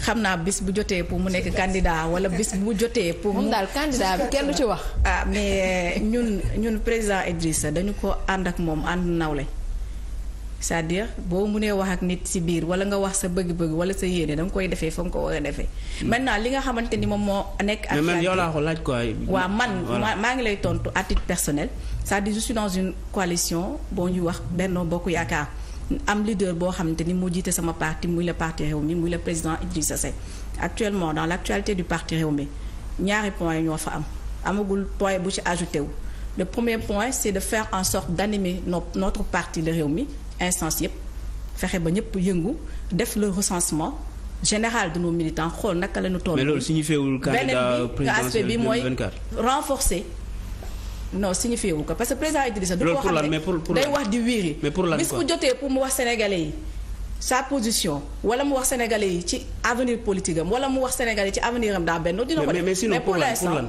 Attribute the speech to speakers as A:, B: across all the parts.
A: xam naa bis bu jotee pour mu nekk candidat wala bis bu jotee. pour mu daal candidat bi kenn du ci wax. ah mais euh, ñun ñun président sa dañu ko ànd ak moom ànd naw c'est-à-dire boo mënee wax ak nit ci biir wala nga wax sa bëgg-bëgg wala sa yéene da koy defee fa nga ko war a defee. Hmm. maintenant li nga xamante ni moom moo nekk. ak même yow laa ko laaj quoi. waaw man maa ngi lay tontu à titre personnel cest dire je une coalition boo ñuy wax Benno Bokk Yaakaar. am leader boo xamante ni moo jiite sama parti muy le parti Rewmi muy le président Idrissa Seck actuellement dans l' actualité du parti mi ñaari point ñoo fa am amagul point bu ci ajouté wu le premier point c' de faire en sorte d' animer notre parti le mi instance yëpp fexe ba ñëpp yëngu def le recensement général de nos militants xool naka la ñu toll. mais loolu signifiewul candidat présidentiel 2024 beneen bi mooy renforcer. non signifié wu ko parce que président Idrissa. loolu pour lan mais pour pour day wax di wiiri. mais pour lan bis jotee pour mu wax sénégalais yi sa position wala mu wax sénégalais yi ci avenir politique am wala mu wax sénégalais ci avenir am daa benn dina ko def. mais pour lan pour lan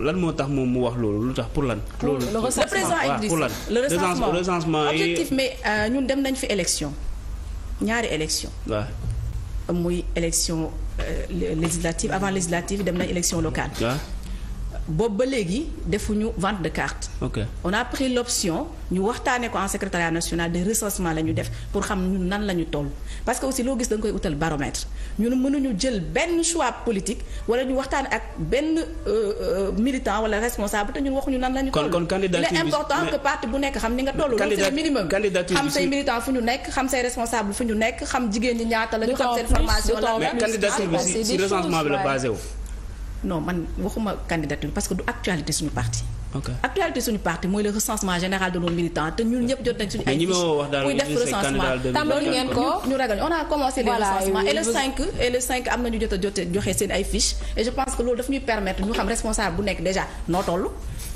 A: lan moo ah? tax moo tax moom mu wax loolu lu tax pour lan. loolu le président Idrissa le recensement recensement objectif mais euh, ñun dem nañ fi élection ñaari élection waaw. muy élection euh, législative avant législative dem nañ élection locale. boobu ba léegi defuñu vente de carte ok on a pris l'option ñu waxtaanee ko en secrétariat national de recensement la ñu def pour xam ñun nan la ñu toll parce que aussi loo gis da nga koy utal baromètre ñun mënuñu jël benn choix politique wala ñu waxtaan ak benn euh, euh, militant wala responsable te ñun waxuñu nan la ñu toll il important que parti bu nekk xam ni nga toll loolu c'est minimum xam say militant fu ñu nekk xam say responsable fu ñu nekk xam jigéen ñi ñaata la ñu xam ah, wu non man waxuma candidature parce que du actualité suñu parti. ok actualité suñu parti mooy le recensement général de nos militants te ñun ñëpp jot nañ suñu. ay fiches muy def recensement tàmbali ngeen ko ñu ragal on a commencé. les recensements am na ñu jot a jotee joxe seen ay fiches. et je pense que loolu daf ñuy permettre ñu xam responsable bu nekk déjà noo toll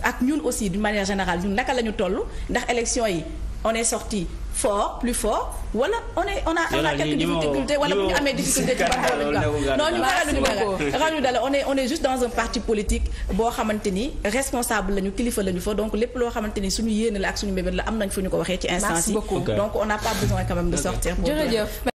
A: ak ñun aussi d'une manière générale ñun naka la ñu toll ndax élection yi on est sorti. fort plus fort wala on est on a on a quelques difficultés wala bu ñu amee difficulté ci Barthélémy non ñu on est juste dans un parti politique boo xamante ni responsable lañu kilifa lañu fa donc lépp loo xamante ni suñu yéene la ak suñu mbébét la am nañ fu ñu ko waxee ci instance yi donc on n'a pas besoin quand de sortir